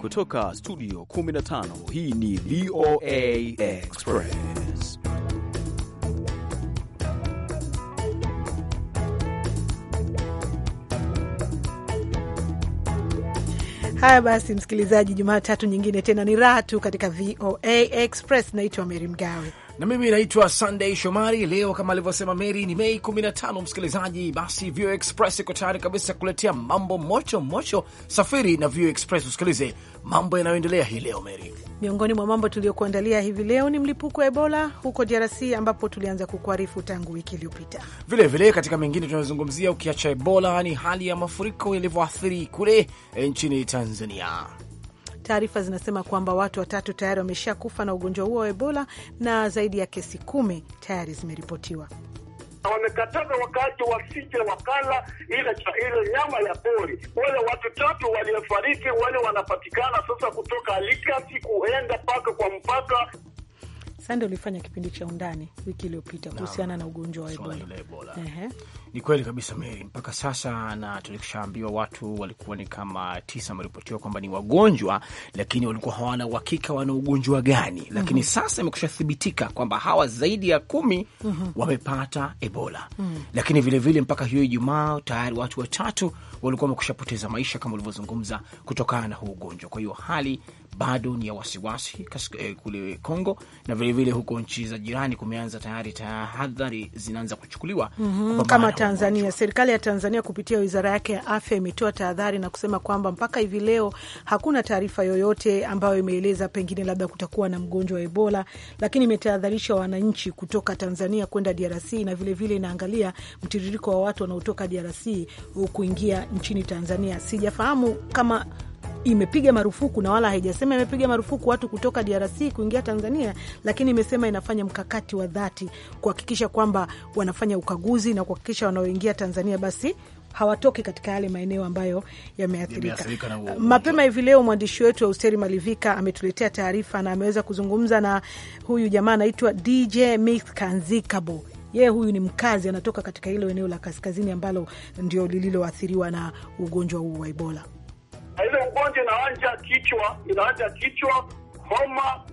Kutoka studio 15 hii ni VOA Express. Haya basi, msikilizaji, Jumatatu nyingine tena ni raha tu katika VOA Express. Naitwa Meri Mgawe na mimi naitwa Sunday Shomari. Leo kama alivyosema Mary ni Mei 15, msikilizaji. Basi Vio Express iko tayari kabisa kuletea mambo moto moto. Safiri na Vio Express, usikilize mambo yanayoendelea hii leo. Mary, miongoni mwa mambo tuliyokuandalia hivi leo ni mlipuko wa Ebola huko DRC ambapo tulianza kukuarifu tangu wiki iliyopita. Vilevile katika mengine tunayozungumzia, ukiacha Ebola, ni hali ya mafuriko yalivyoathiri kule eh, nchini Tanzania. Taarifa zinasema kwamba watu watatu tayari wamesha kufa na ugonjwa huo wa Ebola na zaidi ya kesi kumi tayari zimeripotiwa. Wamekataza wakaaji wasije wakala ile ile nyama ya pori. Wale watu tatu waliofariki wale wanapatikana sasa kutoka Alikasi kuenda mpaka kwa mpaka Sande, ulifanya kipindi cha undani wiki iliyopita kuhusiana na ugonjwa wa Ebola. Ni kweli kabisa Meri, mpaka sasa na tulishaambiwa watu walikuwa ni kama tisa wameripotiwa kwamba ni wagonjwa, lakini walikuwa hawana uhakika wana ugonjwa gani, mhm. lakini mm -hmm. sasa imekusha thibitika kwamba hawa zaidi ya kumi mm -hmm. wamepata Ebola mm -hmm. lakini vilevile vile mpaka hiyo Ijumaa tayari watu watatu walikuwa wamekusha poteza maisha kama ulivyozungumza, kutokana na huu ugonjwa. Kwa hiyo hali bado ni ya wasiwasi wasi, eh, kule Kongo na vilevile vile huko nchi za jirani kumeanza tayari tahadhari zinaanza kuchukuliwa mm -hmm, kama Tanzania ugonjwa. Serikali ya Tanzania kupitia wizara yake ya afya imetoa tahadhari na kusema kwamba mpaka hivi leo hakuna taarifa yoyote ambayo imeeleza pengine labda kutakuwa na mgonjwa wa Ebola, lakini imetahadharisha wananchi kutoka Tanzania kwenda DRC na vilevile inaangalia vile mtiririko wa watu wanaotoka DRC kuingia nchini Tanzania. Sijafahamu kama imepiga marufuku na wala haijasema imepiga marufuku watu kutoka DRC kuingia Tanzania, lakini imesema inafanya mkakati wa dhati kuhakikisha kwamba wanafanya ukaguzi na kuhakikisha wanaoingia Tanzania basi hawatoki katika yale maeneo ambayo yameathirika. Mapema hivi leo mwandishi wetu Austeri Malivika ametuletea taarifa na ameweza kuzungumza na huyu jamaa anaitwa DJ Mix Kanzikabo. Yeye huyu ni mkazi, anatoka katika hilo eneo la kaskazini ambalo ndio lililoathiriwa na ugonjwa huu wa Ebola na ile ugonjwa inaanja kichwa, inaanja kichwa, homa.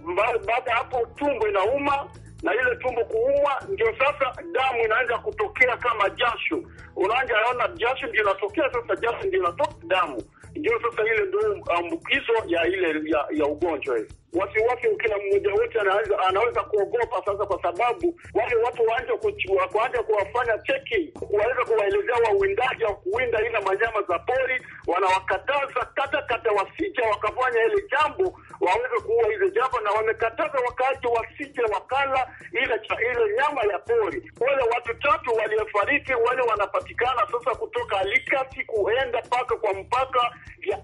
Baada ya hapo tumbo inauma, na ile tumbo kuuma ndio sasa damu inaanza kutokea kama jasho, unaanja ona jasho ndio inatokea sasa, jasho ndio inatoka damu, ndio sasa ile ndio ambukizo ya ile ya, ya ugonjwa hii wasiwasi, kila mmoja wote anaweza, anaweza kuogopa sasa, kwa sababu wale watu waanja kuwafanya cheki, waweza kuwaelezea wawindaji wa kuwinda ila manyama za pori, wanawakataza katakata wasija wakafanya ile jambo, waweze kuua hizo jambo, na wamekataza wakati wasije wakala ile ile nyama ya pori. Wale watu tatu waliofariki wale wanapatikana sasa kutoka Alikati kuenda mpaka kwa mpaka ya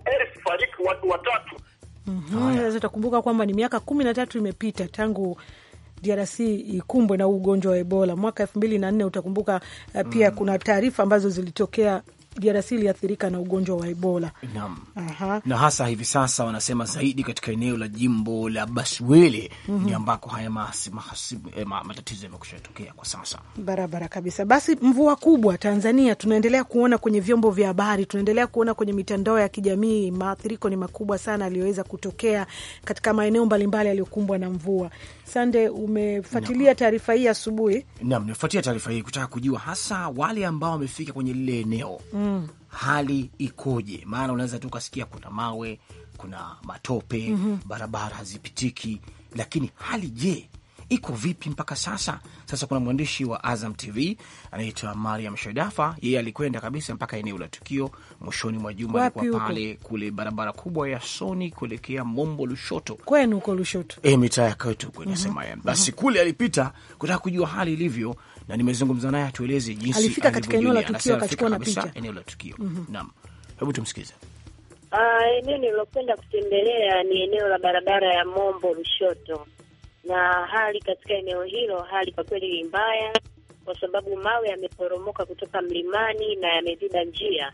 fariki watu watatu mm -hmm. Sasa utakumbuka kwamba ni miaka kumi na tatu imepita tangu DRC ikumbwe na ugonjwa wa Ebola mwaka elfu mbili na nne. Utakumbuka eh, pia mm. kuna taarifa ambazo zilitokea DRC iliathirika na ugonjwa wa Ebola. Naam. Aha. Na hasa hivi sasa wanasema zaidi katika eneo la jimbo la Baswele mm -hmm. ni ambako haya eh, matatizo yamekusha tokea kwa sasa barabara kabisa. Basi mvua kubwa Tanzania tunaendelea kuona kwenye vyombo vya habari, tunaendelea kuona kwenye mitandao ya kijamii. Maathiriko ni makubwa sana aliyoweza kutokea katika maeneo mbalimbali yaliyokumbwa na mvua. Sande, umefuatilia taarifa hii asubuhi? Naam, nimefuatilia taarifa hii kutaka kujua hasa wale ambao wamefika kwenye lile eneo mm mm. hali ikoje? Maana unaweza tu ukasikia kuna mawe, kuna matope mm -hmm. barabara hazipitiki, lakini hali je iko vipi mpaka sasa? Sasa kuna mwandishi wa Azam TV anaitwa Mariam Shadafa, yeye alikwenda kabisa mpaka eneo la tukio mwishoni mwa juma, alikuwa pale kule barabara kubwa ya Soni kuelekea Mombo Lushoto, kwenu huko Lushoto, e, mitaa ya kwetu kwenye mm -hmm. Basi mm -hmm. kule alipita kutaka kujua hali ilivyo, na nimezungumza naye atueleze jinsi alifika katika eneo la tukio akachukua na picha eneo la tukio. Mm -hmm. Naam, hebu tumsikize. Uh, eneo nililopenda kutembelea ni eneo la barabara ya Mombo Lushoto, na hali katika eneo hilo, hali kwa kweli ni mbaya, kwa sababu mawe yameporomoka kutoka mlimani na yameziba njia,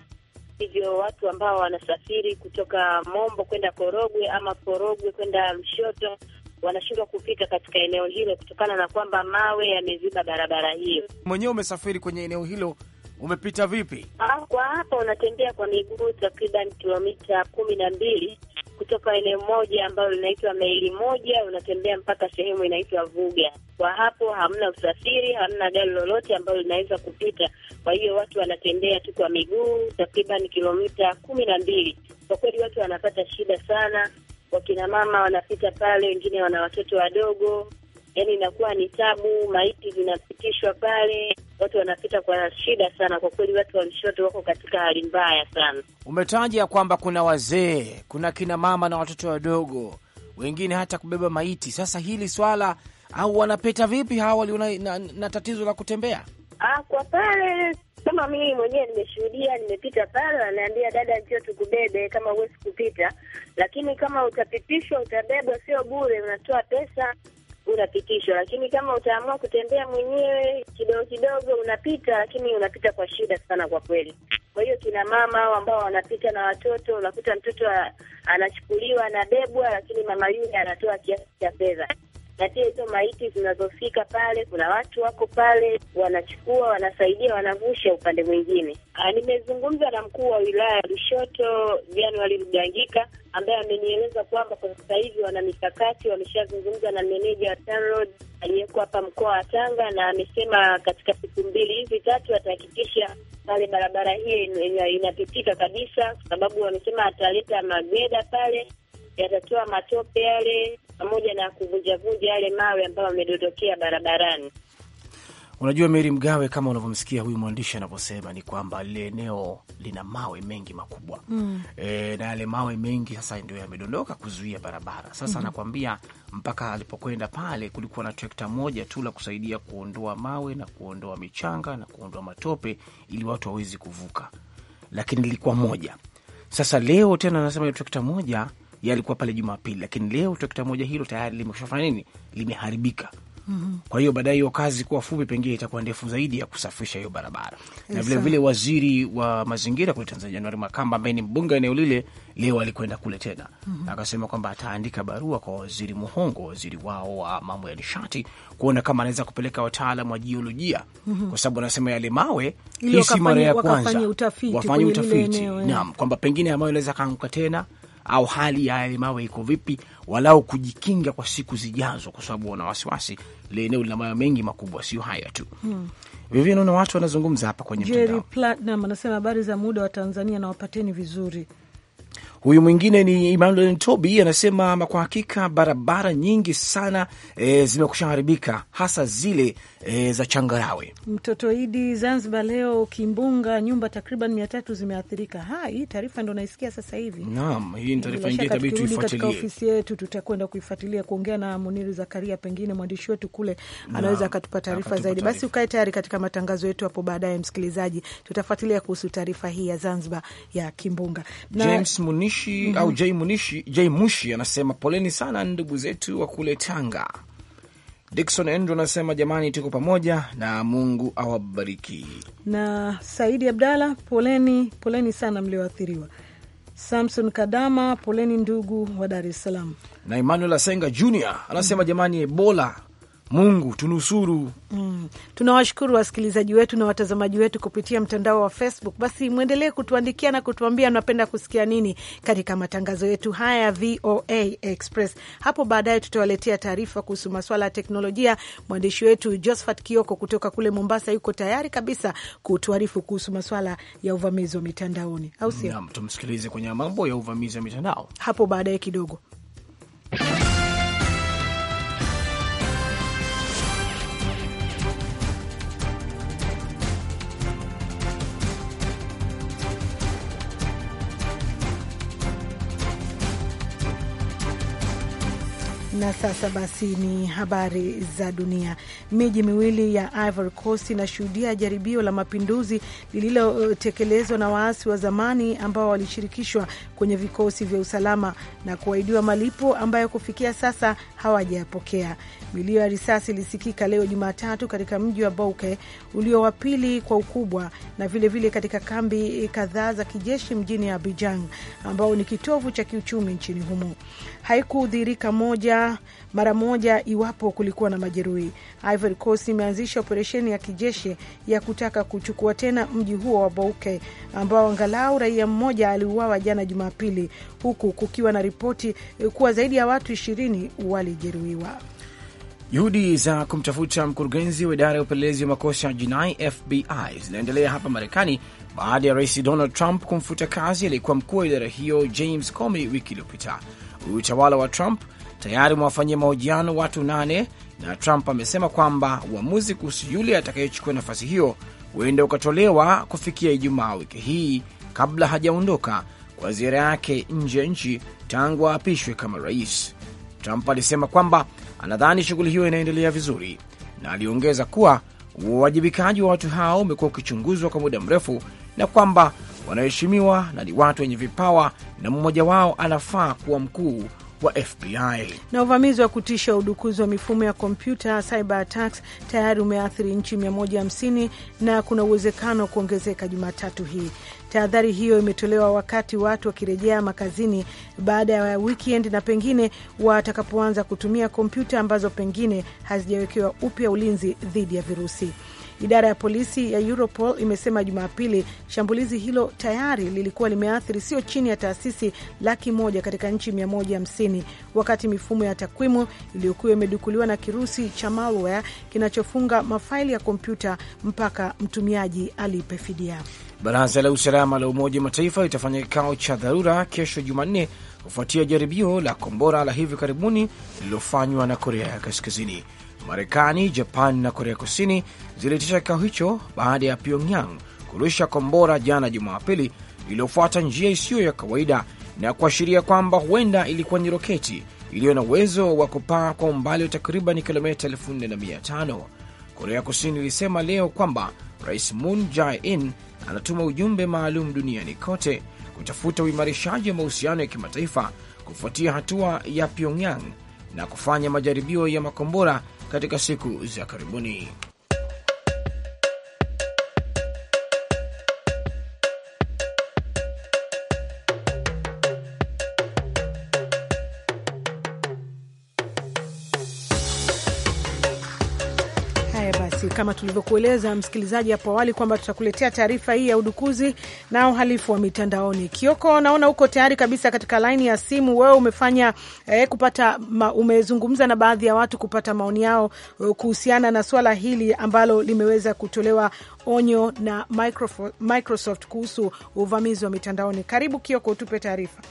hivyo watu ambao wanasafiri kutoka Mombo kwenda Korogwe ama Korogwe kwenda Lushoto wanashindwa kupita katika eneo hilo kutokana na kwamba mawe yameziba barabara hiyo. Mwenyewe umesafiri kwenye eneo hilo, umepita vipi? Ah, kwa hapa unatembea kwa miguu takriban kilomita kumi na mbili kutoka eneo moja ambalo linaitwa meili moja, unatembea mpaka sehemu inaitwa Vuga. Kwa hapo hamna usafiri, hamna gari lolote ambalo linaweza kupita, kwa hiyo watu wanatembea tu kwa miguu takriban kilomita kumi na mbili. Kwa kweli watu wanapata shida sana, wakina mama wanapita pale, wengine wana watoto wadogo, yani inakuwa ni tabu. Maiti zinapitishwa pale, watu wanapita kwa shida sana. Kwa kweli, watu wa Lushoto wako katika hali mbaya sana. Umetaja kwamba kuna wazee, kuna kina mama na watoto wadogo, wengine hata kubeba maiti. Sasa hili swala au wanapeta vipi hawa waliona na, na tatizo la kutembea? Ah, kwa pale kama mimi mwenyewe nimeshuhudia, nimepita pale, anaambia dada, njoo tukubebe kama huwezi kupita, lakini kama utapitishwa utabebwa, sio bure, unatoa pesa unapitishwa. Lakini kama utaamua kutembea mwenyewe kidogo kidogo, unapita, lakini unapita kwa shida sana kwa kweli. Kwa hiyo kina mama hao ambao wanapita na watoto, unakuta mtoto anachukuliwa anabebwa, lakini mama yule anatoa kiasi cha fedha na pia hizo maiti zinazofika pale, kuna watu wako pale wanachukua, wanasaidia, wanavusha upande mwingine. Ah, nimezungumza na mkuu wa wilaya ya Lushoto Januari Lugangika ambaye amenieleza kwamba kwa sasa hivi wana mikakati, wameshazungumza na meneja wa TANROADS aliyeko hapa mkoa wa Tanga, na amesema katika siku mbili hizi tatu atahakikisha pale barabara hiyo inapitika kabisa, kwa sababu wamesema ataleta magreda pale, yatatoa matope yale pamoja na kuvunjavunja yale mawe ambayo wamedondokea barabarani. Unajua Meri Mgawe, kama unavyomsikia huyu mwandishi anavyosema, ni kwamba lile eneo lina mawe mengi makubwa mm. E, na yale mawe mengi sasa ndio yamedondoka kuzuia barabara sasa mm -hmm. Anakwambia mpaka alipokwenda pale kulikuwa na trekta moja tu la kusaidia kuondoa mawe na kuondoa michanga na kuondoa matope ili watu wawezi kuvuka, lakini lilikuwa moja. Sasa leo tena anasema trekta moja yalikuwa pale Jumapili, lakini leo trekta moja hilo tayari limeshafanya nini, limeharibika. Mhm. Kwa hiyo baadaye hiyo kazi kuwa fupi, pengine itakuwa ndefu zaidi ya kusafisha hiyo barabara yes. Na vilevile vile waziri wa mazingira kule Tanzania Januari Makamba ambaye ni mbunge eneo lile leo alikwenda kule tena mm -hmm. Akasema kwamba ataandika barua kwa waziri Muhongo, waziri wao wa mambo ya nishati, kuona kama anaweza kupeleka wataalam wa jiolojia mm -hmm. Kwa sababu anasema yale mawe hii si mara ya kwanza wafanye utafiti, eh. naam, kwamba pengine mawe anaweza kaanguka tena au hali ya yale mawe iko vipi, walau kujikinga kwa siku zijazo, kwa sababu wana wasiwasi ile eneo lina mawe mengi makubwa. Sio haya tu hmm. Vivyo naona watu wanazungumza hapa kwenye mtandao. anasema habari za muda wa Tanzania nawapateni vizuri Huyu mwingine ni Emmanuel Tobi anasema kwa hakika barabara nyingi sana e, zimekusha haribika hasa zile e, za changarawe. Mtoto Idi Zanzibar, leo kimbunga, nyumba takriban mia tatu zimeathirika. Ha, Hii taarifa ndo naisikia sasa hivi. Naam, hii ni taarifa nyingine tabii tuifuatilie katika ofisi yetu, tutakwenda kuifuatilia kuongea na Muniri Zakaria, pengine mwandishi wetu kule anaweza akatupa taarifa zaidi. Basi ukae tayari katika matangazo yetu hapo baadaye, msikilizaji, tutafuatilia kuhusu taarifa hii ya Zanzibar ya kimbunga na James Muni Munishi mm -hmm. au j Munishi, Jay Mushi anasema poleni sana ndugu zetu wa kule Tanga. dikson Andrew anasema jamani, tuko pamoja na Mungu awabariki. Na Saidi Abdalla, poleni poleni sana mlioathiriwa. Samson Kadama, poleni ndugu wa Dar es Salaam. Na Emmanuel Asenga jr anasema mhm. jamani, Ebola Mungu tunusuru. Mm. Tunawashukuru wasikilizaji wetu na watazamaji wetu kupitia mtandao wa Facebook. Basi mwendelee kutuandikia na kutuambia napenda kusikia nini katika matangazo yetu haya ya VOA Express. Hapo baadaye tutawaletea taarifa kuhusu masuala ya teknolojia. Mwandishi wetu Josephat Kioko kutoka kule Mombasa yuko tayari kabisa kutuarifu kuhusu masuala ya uvamizi wa mitandaoni, au sio? Naam, tumsikilize kwenye mambo ya uvamizi wa mitandao hapo baadaye kidogo. Na sasa basi ni habari za dunia. Miji miwili ya Ivory Coast inashuhudia jaribio la mapinduzi lililotekelezwa na waasi wa zamani ambao walishirikishwa kwenye vikosi vya usalama na kuahidiwa malipo ambayo kufikia sasa hawajayapokea. Milio ya risasi ilisikika leo Jumatatu katika mji wa Bouake ulio wa pili kwa ukubwa na vilevile vile katika kambi kadhaa za kijeshi mjini Abidjan ambao ni kitovu cha kiuchumi nchini humo. haikudhirika moja mara moja iwapo kulikuwa na majeruhi. Ivory Coast imeanzisha operesheni ya kijeshi ya kutaka kuchukua tena mji huo wa Bouake ambao angalau raia mmoja aliuawa jana Jumapili, huku kukiwa na ripoti kuwa zaidi ya watu ishirini walijeruhiwa. Juhudi za kumtafuta mkurugenzi wa idara ya upelelezi wa makosa ya jinai FBI zinaendelea hapa Marekani baada ya rais Donald Trump kumfuta kazi aliyekuwa mkuu wa idara hiyo James Comey wiki iliyopita. Utawala wa Trump tayari umewafanyia mahojiano watu nane, na Trump amesema kwamba uamuzi kuhusu yule atakayechukua nafasi hiyo huenda ukatolewa kufikia Ijumaa wiki hii kabla hajaondoka kwa ziara yake nje ya nchi tangu aapishwe kama rais. Trump alisema kwamba anadhani shughuli hiyo inaendelea vizuri, na aliongeza kuwa uwajibikaji wa watu hao umekuwa ukichunguzwa kwa muda mrefu na kwamba wanaheshimiwa na ni watu wenye vipawa na mmoja wao anafaa kuwa mkuu wa FBI. Na uvamizi wa kutisha udukuzi wa mifumo ya kompyuta cyber attacks tayari umeathiri nchi 150 na kuna uwezekano wa kuongezeka Jumatatu hii. Tahadhari hiyo imetolewa wakati watu wakirejea makazini baada ya weekend na pengine watakapoanza kutumia kompyuta ambazo pengine hazijawekewa upya ulinzi dhidi ya virusi. Idara ya polisi ya Europol imesema Jumapili shambulizi hilo tayari lilikuwa limeathiri sio chini ya taasisi laki moja katika nchi 150 wakati mifumo ya takwimu iliyokuwa imedukuliwa na kirusi cha malware kinachofunga mafaili ya kompyuta mpaka mtumiaji alipe fidia. Baraza la usalama la Umoja wa Mataifa litafanya kikao cha dharura kesho Jumanne kufuatia jaribio la kombora la hivi karibuni lililofanywa na Korea ya Kaskazini. Marekani, Japan na Korea Kusini ziliitisha kikao hicho baada ya Pyongyang kurusha kombora jana Jumapili lililofuata njia isiyo ya kawaida na kuashiria kwamba huenda ilikuwa ni roketi iliyo na uwezo wa kupaa kwa umbali wa takriban kilomita 45 Korea Kusini ilisema leo kwamba Rais Moon Jae-in anatuma ujumbe maalum duniani kote kutafuta uimarishaji wa mahusiano ya kimataifa kufuatia hatua ya Pyongyang na kufanya majaribio ya makombora katika siku za karibuni. kama tulivyokueleza msikilizaji hapo awali kwamba tutakuletea taarifa hii ya udukuzi na uhalifu wa mitandaoni. Kioko, naona uko tayari kabisa katika laini ya simu. Wewe umefanya eh, kupata ma, umezungumza na baadhi ya watu kupata maoni yao eh, kuhusiana na swala hili ambalo limeweza kutolewa onyo na Microsoft kuhusu uvamizi wa mitandaoni. Karibu Kioko, utupe taarifa.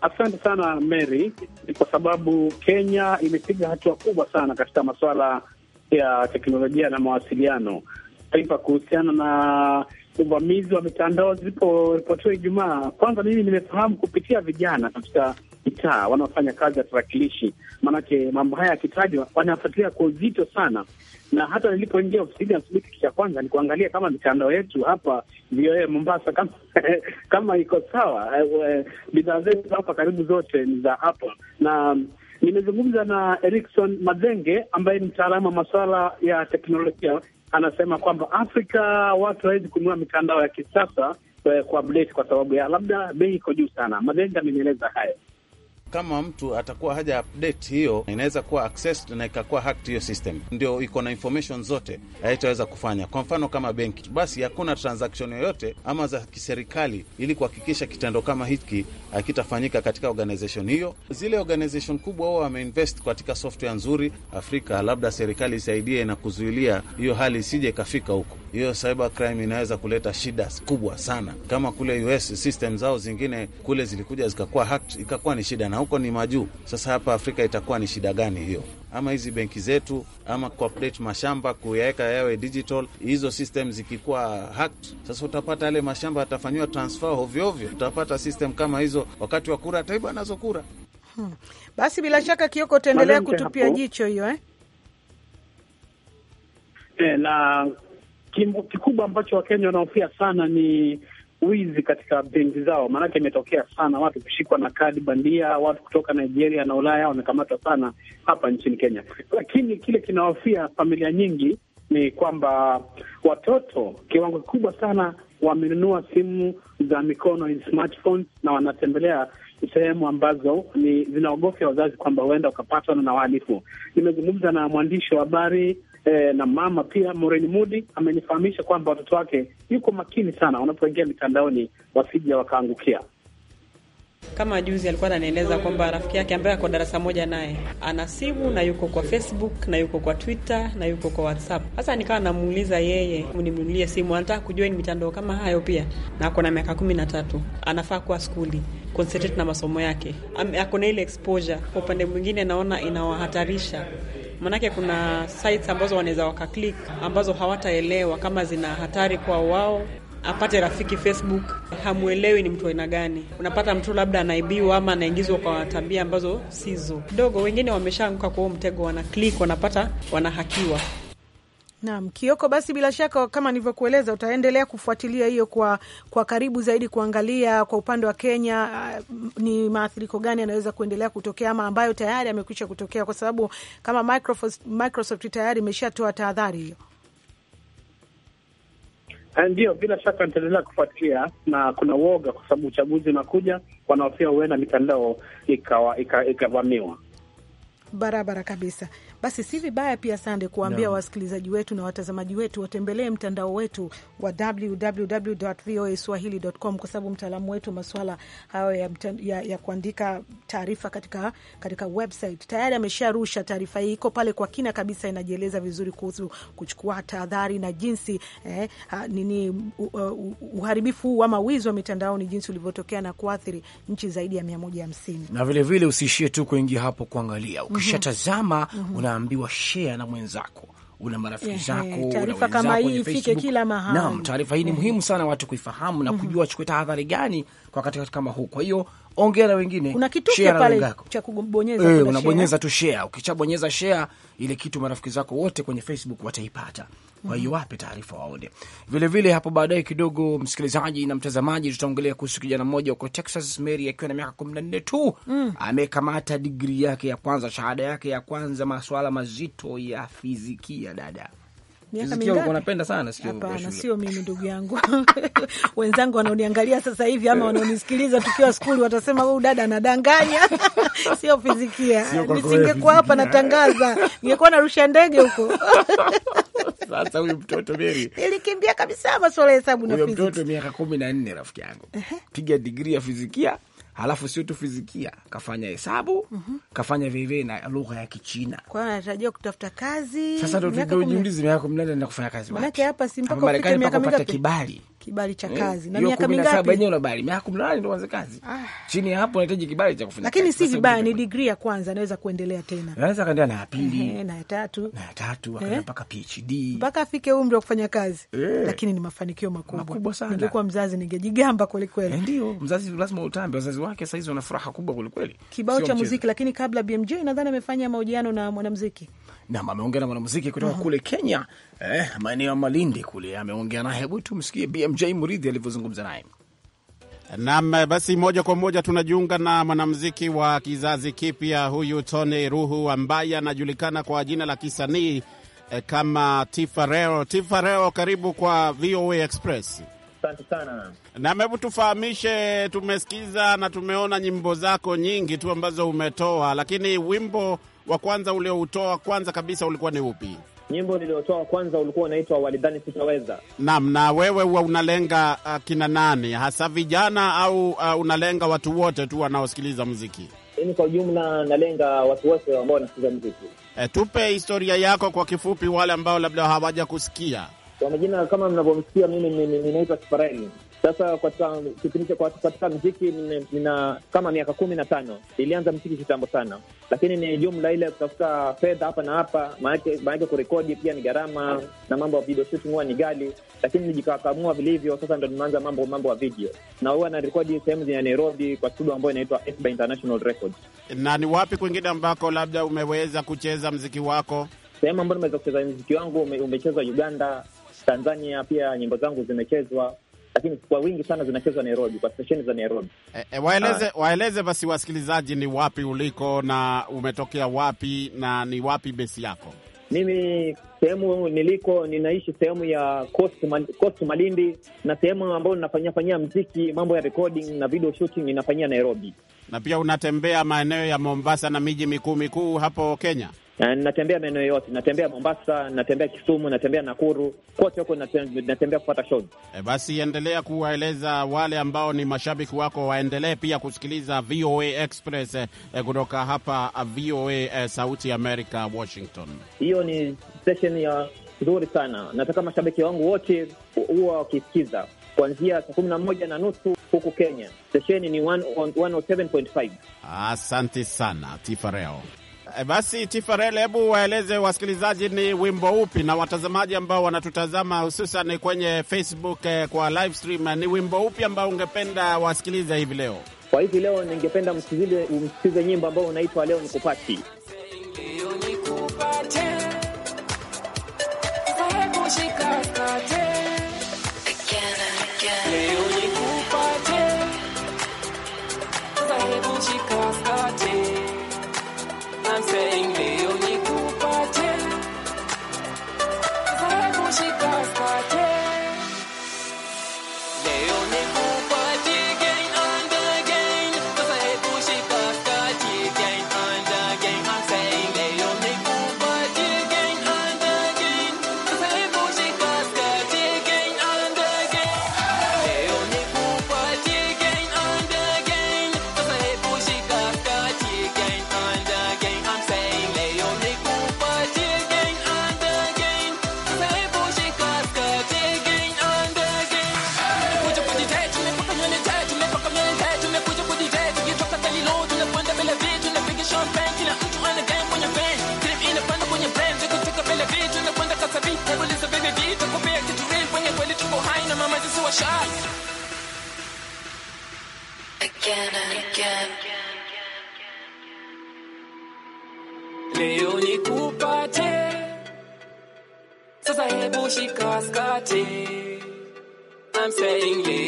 Asante sana Mary, kwa sababu Kenya imepiga hatua kubwa sana katika masuala ya teknolojia na mawasiliano taifa kuhusiana na uvamizi wa mitandao ziliporipotiwa Ijumaa. Kwanza mimi nimefahamu kupitia vijana katika mitaa wanaofanya kazi ya tarakilishi, maanake mambo haya yakitajwa wanafuatilia kwa uzito sana, na hata nilipoingia ofisini asubuhi, kitu cha kwanza ni kuangalia kama mitandao yetu hapa VOA Mombasa kama, kama iko sawa. Eh, eh, bidhaa zetu hapa karibu zote ni za hapa na Nimezungumza na Erikson Mazenge ambaye ni mtaalamu wa masuala ya teknolojia, anasema kwamba Afrika watu hawezi kununua mitandao ya kisasa eh, kwa update kwa sababu ya labda bei iko juu sana. mazenge amenieleza hayo kama mtu atakuwa haja update hiyo, inaweza kuwa accessed na ikakuwa hacked hiyo system, ndio iko na information zote, haitaweza kufanya. Kwa mfano kama benki, basi hakuna transaction yoyote ama za kiserikali, ili kuhakikisha kitendo kama hiki hakitafanyika katika organization hiyo. Zile organization kubwa huwa wameinvest katika software nzuri Afrika, labda serikali isaidie na kuzuilia hiyo hali isije ikafika huko. Hiyo cyber crime inaweza kuleta shida kubwa sana, kama kule US system zao zingine kule zilikuja zikakuwa hacked, ikakuwa ni shida na huko ni majuu. Sasa hapa Afrika itakuwa ni shida gani hiyo? Ama hizi benki zetu ama kuupdate mashamba kuyaweka yawe digital, hizo system zikikuwa hacked, sasa utapata yale mashamba yatafanyiwa transfer hovyohovyo Utapata system kama hizo, wakati wa kura taiba nazo kura. Hmm. Basi bila shaka Kioko, utaendelea kutupia jicho hiyo eh? E, na kikubwa ambacho Wakenya wanahofia sana ni wizi katika benki zao, maanake imetokea sana watu kushikwa na kadi bandia, watu kutoka Nigeria na Ulaya wamekamatwa sana hapa nchini Kenya. Lakini kile kinawafia familia nyingi ni kwamba watoto kiwango kikubwa sana wamenunua simu za mikono smartphones, na wanatembelea sehemu ambazo ni zinaogofya wazazi kwamba huenda ukapatwa na wahalifu. Nimezungumza na mwandishi wa habari eh, na mama pia Maureen Mudi amenifahamisha kwamba watoto wake yuko makini sana wanapoingia mitandaoni wasija wakaangukia kama juzi alikuwa ananieleza kwamba rafiki yake ambaye ako darasa moja naye ana simu na yuko kwa Facebook na yuko kwa Twitter na yuko kwa WhatsApp. Sasa nikawa namuuliza yeye nimnunulie simu, anataka kujua ni mitandao kama hayo pia, na ako na miaka kumi na tatu, anafaa kuwa skuli concentrate na masomo yake, ako na ile exposure. Kwa upande mwingine, naona inawahatarisha Maanake kuna sites ambazo wanaweza wakaklik ambazo hawataelewa kama zina hatari kwa wao apate rafiki Facebook, hamwelewi ni mtu aina gani. Unapata mtu labda anaibiwa ama anaingizwa kwa tabia ambazo sizo kidogo. Wengine wameshaanguka kwa huo mtego, wanaklik, wanapata, wanahakiwa. Naam, Kioko, basi bila shaka kama nilivyokueleza utaendelea kufuatilia hiyo kwa, kwa karibu zaidi kuangalia kwa upande wa Kenya uh, ni maathiriko gani yanaweza kuendelea kutokea ama ambayo tayari yamekwisha kutokea, kwa sababu kama Microsoft, Microsoft tayari imeshatoa tahadhari hiyo. Eh, ndio, bila shaka nitaendelea kufuatilia, na kuna uoga kwa sababu uchaguzi unakuja, wanaofia huenda mitandao ikavamiwa barabara kabisa. Basi si vibaya pia Sande kuwaambia no. wasikilizaji wetu na watazamaji wetu watembelee mtandao wetu wa www voa www.voaswahili.com kwa sababu mtaalamu wetu maswala hayo ya, ya, ya kuandika taarifa katika, katika website tayari amesharusha taarifa hii, iko pale kwa kina kabisa, inajieleza vizuri kuhusu kuchukua tahadhari na jinsi eh, ha, nini uharibifu huu ama wizi wa mitandao ni jinsi ulivyotokea na kuathiri nchi zaidi ya mia moja hamsini na vilevile usiishie tu kuingia hapo kuangalia, ukisha mm-hmm ukishatazama mm -hmm. unaambiwa share na mwenzako una marafiki zako taarifa kama hii ifike kila mahali. Naam, taarifa hii ni muhimu sana watu kuifahamu na mhm. kujua wachukue tahadhari gani kwa wakati kama huu. Kwa hiyo ongea na wengine, kitufe pale cha kubonyeza, eh, unabonyeza tu share. Ukishabonyeza share, ile kitu marafiki zako wote kwenye Facebook wataipata. Kwa hiyo wape taarifa waone. Vilevile hapo baadaye kidogo, msikilizaji na mtazamaji, tutaongelea kuhusu kijana mmoja huko Texas, Mary akiwa na miaka kumi na nne tu mm. amekamata digrii yake ya kwanza, shahada yake ya kwanza, maswala mazito ya fizikia, dada miaka Unapenda sana sikio. Hapana, sio mimi ndugu yangu. Wenzangu wanaoniangalia sasa hivi ama wanaonisikiliza tukiwa skuli watasema huyu dada anadanganya. Sio fizikia. Nisingekuwa hapa natangaza. Ningekuwa narusha ndege huko. Sasa huyu mtoto Meri nilikimbia kabisa masuala ya hesabu na fizikia. Huyu mtoto miaka kumi na nne rafiki yangu. Piga digri ya fizikia halafu sio tu fizikia, kafanya hesabu mm -hmm. kafanya vilevile na lugha ya Kichina. Kwa hiyo kutafuta kazi. Sasa ndo miaka kumi na nane na kufanya kazi wapi? mpaka upite miaka mingapi kibali kibali cha eh, kazi na miaka mingapi yenyewe unabali? Miaka kumi na nane ndio uanze kazi. Ah. Chini ya hapo unahitaji kibali cha kufanya, lakini si vibaya, ni digrii ya kwanza, anaweza kuendelea tena, anaweza kaendelea na ya pili na ya tatu na ya tatu eh? mpaka PhD mpaka afike umri wa kufanya kazi, eh. lakini ni mafanikio makubwa makubwa sana. Ningekuwa mzazi ningejigamba Ndio mzazi lazima utambe wazazi wake, saizi wana furaha kubwa kweli kibao cha muziki. Lakini kabla BMJ nadhani amefanya mahojiano na mwanamuziki na ameongea na mwanamuziki kutoka kule Kenya eh, maeneo ya Malindi kule, ameongea naye. Hebu tumsikie BMJ Muridhi alivyozungumza naye. nam eh, basi moja kwa moja tunajiunga na mwanamuziki wa kizazi kipya huyu Tony Ruhu ambaye anajulikana kwa jina la kisanii eh, kama Tifareo. Tifareo, karibu kwa VOA Express. Asante sana. Na hebu tufahamishe, tumesikiza na tumeona nyimbo zako nyingi tu ambazo umetoa, lakini wimbo wa kwanza ulioutoa kwanza kabisa ulikuwa ni upi? Nyimbo niliotoa kwanza ulikuwa unaitwa walidhani sitaweza. Naam. Na wewe huwa unalenga uh, kina nani hasa, vijana au uh, unalenga watu wote tu wanaosikiliza muziki? Mimi kwa ujumla nalenga watu wote ambao wanasikiliza mziki E, tupe historia yako kwa kifupi, wale ambao labda hawaja kusikia. Kwa majina kama mnavyomsikia, mimi ninaitwa Kifareni, sasa kipindi cha katika mziki nina, nina kama miaka kumi na tano. Ilianza mziki kitambo sana, lakini ni jumla ile kutafuta fedha hapa na hapa, maanake kurekodi pia ni gharama na mambo ya video shooting huwa ni gali lakini nijikakamua vilivyo. Sasa ndo nimeanza mambo mambo ya video na huwa rekodi sehemu za Nairobi kwa studio ambayo inaitwa Esba International Records. Na ni wapi kwingine ambako labda umeweza kucheza mziki wako? Sehemu ambayo nimeweza kucheza mziki wangu ume, umechezwa Uganda, Tanzania, pia nyimbo zangu zimechezwa lakini kwa wingi sana zinachezwa Nairobi, kwa stesheni za Nairobi. E, e, waeleze ah. waeleze basi wasikilizaji ni wapi uliko na umetokea wapi na ni wapi besi yako? Mimi sehemu niliko ninaishi sehemu ya Coast, Coast Malindi, na sehemu ambayo ninafanyia fanyia mziki mambo ya recording na video shooting Nairobi, na pia unatembea maeneo ya Mombasa na miji mikuu mikuu hapo Kenya. Eh, natembea maeneo yote, natembea Mombasa, natembea Kisumu, natembea Nakuru, kote huko natembea kupata show. E, basi endelea kuwaeleza wale ambao ni mashabiki wako waendelee pia kusikiliza VOA Express eh, kutoka hapa eh, VOA eh, Sauti America, Washington. Hiyo ni station ya nzuri sana, nataka mashabiki wangu wote huwa wakisikiza kuanzia saa kumi na moja na nusu huku Kenya. Stesheni ni 107.5. Asante sana Tifareo. Eh, basi Tifarel, hebu waeleze wasikilizaji ni wimbo upi na watazamaji ambao wanatutazama hususan kwenye Facebook eh, kwa live stream, eh, ni wimbo upi ambao ungependa wasikilize hivi leo? Kwa hivi leo ningependa msikilize nyimbo ambao unaitwa leo nikupati I'm saying yeah.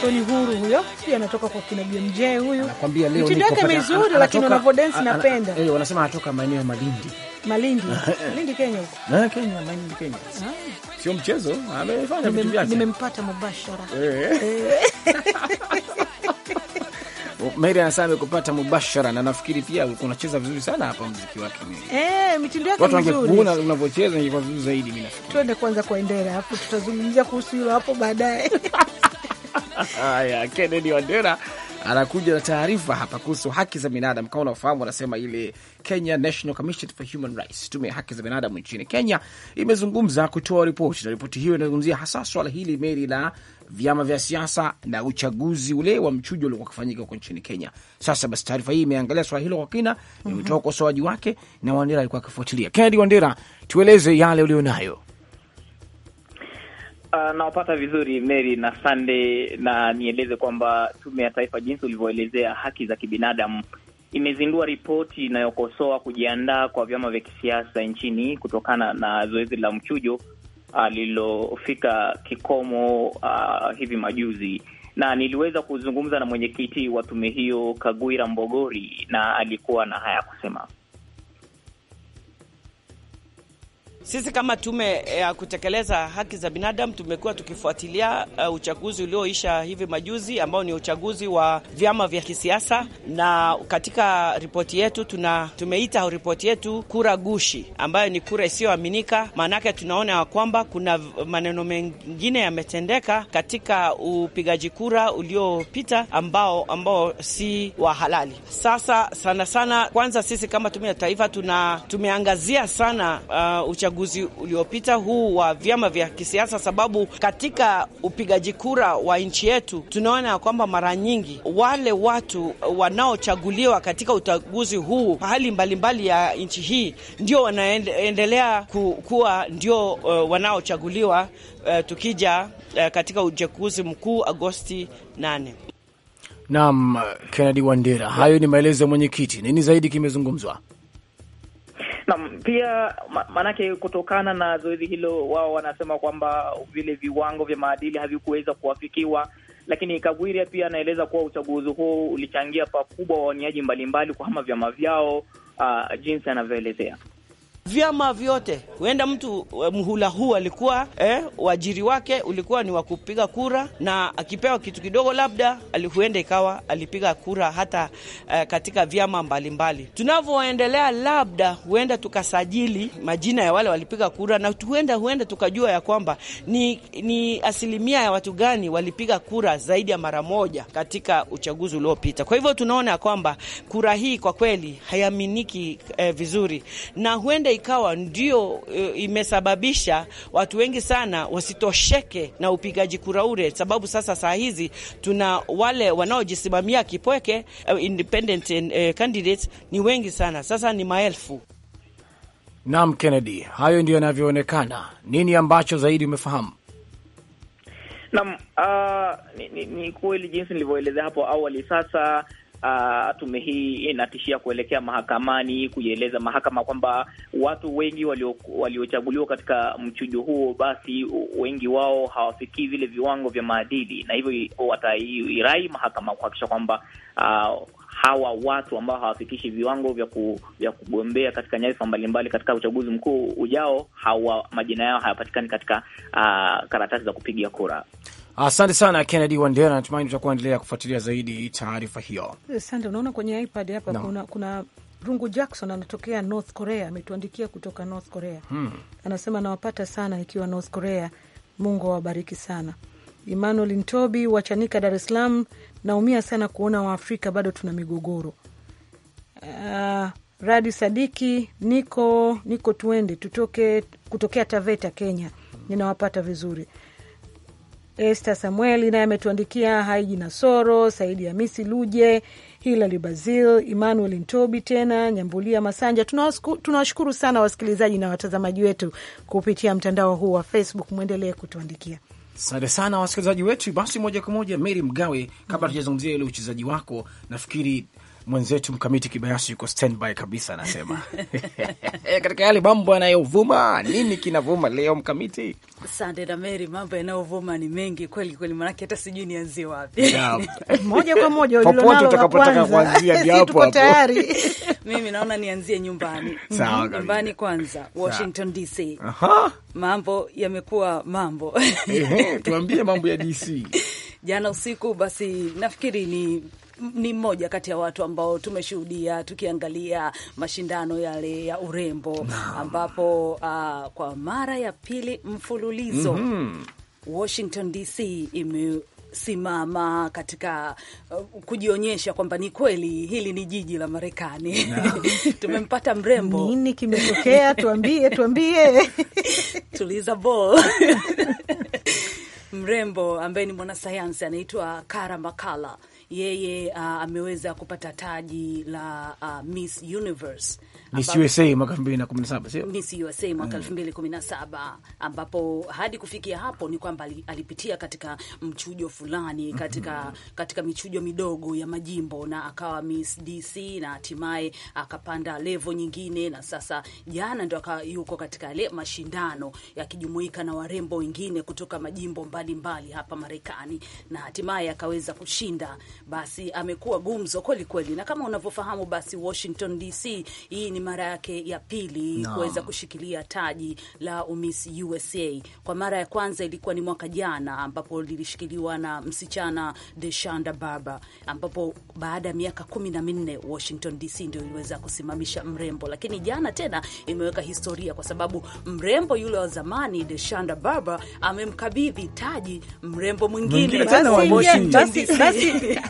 Tony Huru huyo, sio anatoka kwa kina BMJ huyu, nakwambia leo mtindo wake mizuri, lakini dance napenda. Eh, wanasema anatoka maeneo ya Malindi, Malindi, Malindi Kenya huko na ah, Kenya, Malindi Kenya, ah. sio mchezo, amefanya vitu vyake, nimempata mubashara eh. eh. Mary anasema amekupata mubashara na nafikiri pia unacheza vizuri sana hapa muziki wake. Eh, mitindo yake mizuri. Watu wangekuona unavyocheza ingekuwa vizuri zaidi mimi nafikiri. tuende kwanza kwa Endera, hapo tutazungumzia kuhusu hilo hapo baadaye. Haya, Kennedy Wandera anakuja na taarifa hapa kuhusu haki za binadamu. Kama unaofahamu wanasema ile Kenya National Commission for Human Rights, tume ya haki za binadamu nchini Kenya, imezungumza kutoa ripoti, na ripoti hiyo inazungumzia hasa swala hili meri la vyama vya siasa na uchaguzi ule wa mchujo uliokuwa ukifanyika huko nchini Kenya. Sasa basi, taarifa hii imeangalia swala hilo kwa kina, imetoa mhm. ukosoaji wake, na Wandera alikuwa akifuatilia. Kennedy Wandera, tueleze yale ulionayo. Uh, nawapata vizuri Mary na Sande, na nieleze kwamba Tume ya Taifa, jinsi ulivyoelezea haki za kibinadamu, imezindua ripoti inayokosoa kujiandaa kwa vyama vya kisiasa nchini kutokana na zoezi la mchujo ah, lililofika kikomo uh, hivi majuzi, na niliweza kuzungumza na mwenyekiti wa tume hiyo Kagwira Mbogori, na alikuwa na haya kusema. Sisi kama tume eh, ya kutekeleza haki za binadamu tumekuwa tukifuatilia uh, uchaguzi ulioisha hivi majuzi ambao ni uchaguzi wa vyama vya kisiasa, na katika ripoti yetu tuna, tumeita ripoti yetu kura gushi, ambayo ni kura isiyoaminika. Maanake tunaona kwamba kuna maneno mengine yametendeka katika upigaji kura uliopita ambao, ambao si wa halali. Sasa sana sana, kwanza sisi kama tume ya taifa tuna, tumeangazia sana uh, uchaguzi uchaguzi uliopita huu wa vyama vya kisiasa, sababu katika upigaji kura wa nchi yetu tunaona ya kwamba mara nyingi wale watu wanaochaguliwa katika uchaguzi huu pahali mbalimbali ya nchi hii ndio wanaendelea kuwa ndio uh, wanaochaguliwa uh, tukija uh, katika uchaguzi mkuu Agosti 8. Naam, Kennedy Wandera, hayo ni maelezo ya mwenyekiti. Nini zaidi kimezungumzwa? Naam, pia maanake kutokana na zoezi hilo, wao wanasema kwamba vile viwango vya maadili havikuweza kuwafikiwa, lakini kagwiria pia anaeleza kuwa uchaguzi huu ulichangia pakubwa wawaniaji mbalimbali kuhama vyama vyao, uh, jinsi anavyoelezea vyama vyote. Huenda mtu eh, mhula huu alikuwa eh, uajiri wake ulikuwa ni wa kupiga kura, na akipewa kitu kidogo, labda huenda ikawa alipiga kura hata eh, katika vyama mbalimbali. Tunavyoendelea, labda huenda tukasajili majina ya wale walipiga kura, na huenda huenda tukajua ya kwamba ni, ni asilimia ya watu gani walipiga kura zaidi ya mara moja katika uchaguzi uliopita. Kwa hivyo tunaona kwamba kura hii kwa kweli hayaminiki eh, vizuri na huenda ikawa ndio uh, imesababisha watu wengi sana wasitosheke na upigaji kura ule, sababu sasa saa hizi tuna wale wanaojisimamia kipweke uh, independent uh, candidates ni wengi sana sasa, ni maelfu. Naam, Kennedy, hayo ndio yanavyoonekana. Nini ambacho zaidi umefahamu? Naam, uh, ni, ni, ni kweli jinsi nilivyoelezea hapo awali. Sasa uh, tume hii inatishia kuelekea mahakamani kuieleza mahakama kwamba watu wengi waliochaguliwa walio katika mchujo huo, basi wengi wao hawafikii vile viwango vya maadili, na hivyo watairai mahakama kuhakikisha kwamba uh, hawa watu ambao hawafikishi viwango vya ku, vya kugombea katika nyadhifa mbalimbali katika uchaguzi mkuu ujao, hawa majina yao hayapatikani katika uh, karatasi za kupigia kura. Asante sana Kennedy Wandera, natumaini tutakuwa endelea kufuatilia zaidi taarifa hiyo. Asante. Unaona kwenye iPad hapa no. kuna, kuna Rungu Jackson anatokea North Korea, ametuandikia kutoka North Korea hmm. Anasema anawapata sana ikiwa North Korea, Mungu awabariki sana. Emmanuel Ntobi Wachanika, Dar es Salaam, naumia sana kuona Waafrika bado tuna migogoro. Uh, Radi Sadiki, niko niko tuende tutoke kutokea Taveta, Kenya, ninawapata vizuri. Esther Samueli naye ametuandikia Haiji Nasoro, Saidi Hamisi Luje, Hilary Bazil, Emmanuel Ntobi, tena Nyambulia Masanja. Tunawashukuru sana wasikilizaji na watazamaji wetu kupitia mtandao huu wa Facebook, mwendelee kutuandikia. Asante sana wasikilizaji wetu. Basi moja kwa moja, Meri Mgawe, kabla tujazungumzia ile uchezaji wako, nafikiri mwenzetu Mkamiti Kibayasi yuko standby kabisa, anasema katika yale mambo yanayovuma. Nini kinavuma leo Mkamiti? Sande na Meri, mambo yanayovuma ni mengi kweli kweli, manake hata sijui nianzie wapi. Moja kwa moja popote utakapotaka kuanzia hapo hapo, tayari mimi naona nianzie nyumbani. Sawa, mhm, nyumbani kwanza, Washington DC. mambo yamekuwa mambo. Tuambie mambo ya DC jana usiku, basi nafikiri ni ni mmoja kati ya watu ambao tumeshuhudia tukiangalia mashindano yale ya urembo nah, ambapo uh, kwa mara ya pili mfululizo mm -hmm. Washington DC ime simama katika uh, kujionyesha kwamba ni kweli hili ni jiji la Marekani no. Tumempata mrembo. Nini kimetokea? Tuambie, tuambie tuliza bol mrembo ambaye ni mwanasayansi anaitwa Kara Makala yeye uh, ameweza kupata taji la uh, Miss Universe Miss USA mwaka 2017 sio? Miss USA mwaka 2017 eh. ambapo hadi kufikia hapo ni kwamba alipitia katika mchujo fulani mm-hmm. katika mm -hmm. katika michujo midogo ya majimbo na akawa Miss DC na hatimaye akapanda level nyingine, na sasa jana ndo akawa yuko katika yale mashindano yakijumuika na warembo wengine kutoka majimbo mbalimbali mbali hapa Marekani na hatimaye akaweza kushinda. Basi amekuwa gumzo kweli kweli, na kama unavyofahamu basi Washington DC hii ni mara yake ya pili no. kuweza kushikilia taji la Miss USA. Kwa mara ya kwanza ilikuwa ni mwaka jana, ambapo lilishikiliwa na msichana Deshanda Barber, ambapo baada ya miaka kumi na minne Washington DC ndio iliweza kusimamisha mrembo, lakini jana tena imeweka historia kwa sababu mrembo yule wa zamani Deshanda Barber amemkabidhi taji mrembo mwingine.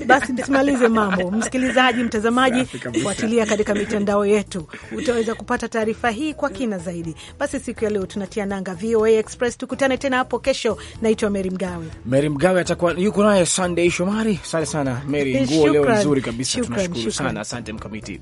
Basi tusimalize mambo, msikilizaji, mtazamaji, fuatilia katika mitandao yetu utaweza kupata taarifa hii kwa kina zaidi. Basi siku ya leo tunatia nanga VOA Express, tukutane tena hapo kesho. Naitwa Meri Mgawe. Meri Mgawe atakuwa yuko naye sandey Shomari. Asante sana Meri, eh, nguo leo nzuri kabisa, tunashukuru sana. Asante Mkamiti.